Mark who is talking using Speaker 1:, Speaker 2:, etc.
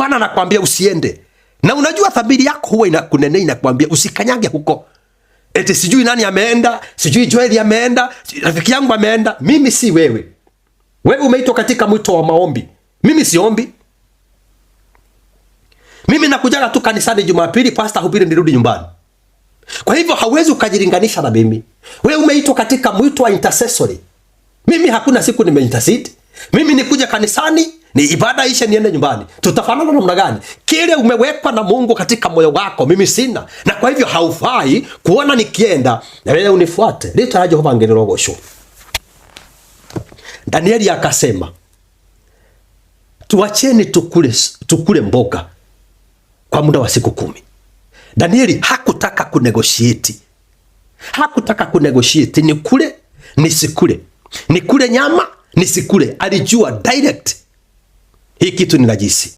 Speaker 1: Bwana anakwambia usiende. Na unajua thabiri yako huwa inakunenea inakwambia usikanyage huko. Eti sijui nani ameenda, sijui Joeli ameenda, rafiki yangu ameenda. Mimi si wewe. Wewe umeitwa katika mwito wa maombi. Mimi siombi. Mimi nakujaga tu kanisani Jumapili, pasta hubiri, nirudi nyumbani. Kwa hivyo hauwezi ukajilinganisha na mimi. Wewe umeitwa katika mwito wa intercessory. Mimi hakuna siku nimeintercede. Mimi nikuja kanisani ni ibada ishe niende nyumbani. Tutafanana namna gani? Kile umewekwa na Mungu katika moyo wako mimi sina. Na kwa hivyo haufai kuona nikienda na wewe unifuate. Lita la Jehova ngelirogocwo. Danieli akasema, tuacheni tukule tukule mboga kwa muda wa siku kumi. Danieli hakutaka kunegoshieti, Hakutaka kunegoshieti, ni kule nisikule. Ni kule nyama nisikule. Alijua direct hii kitu ni najisi.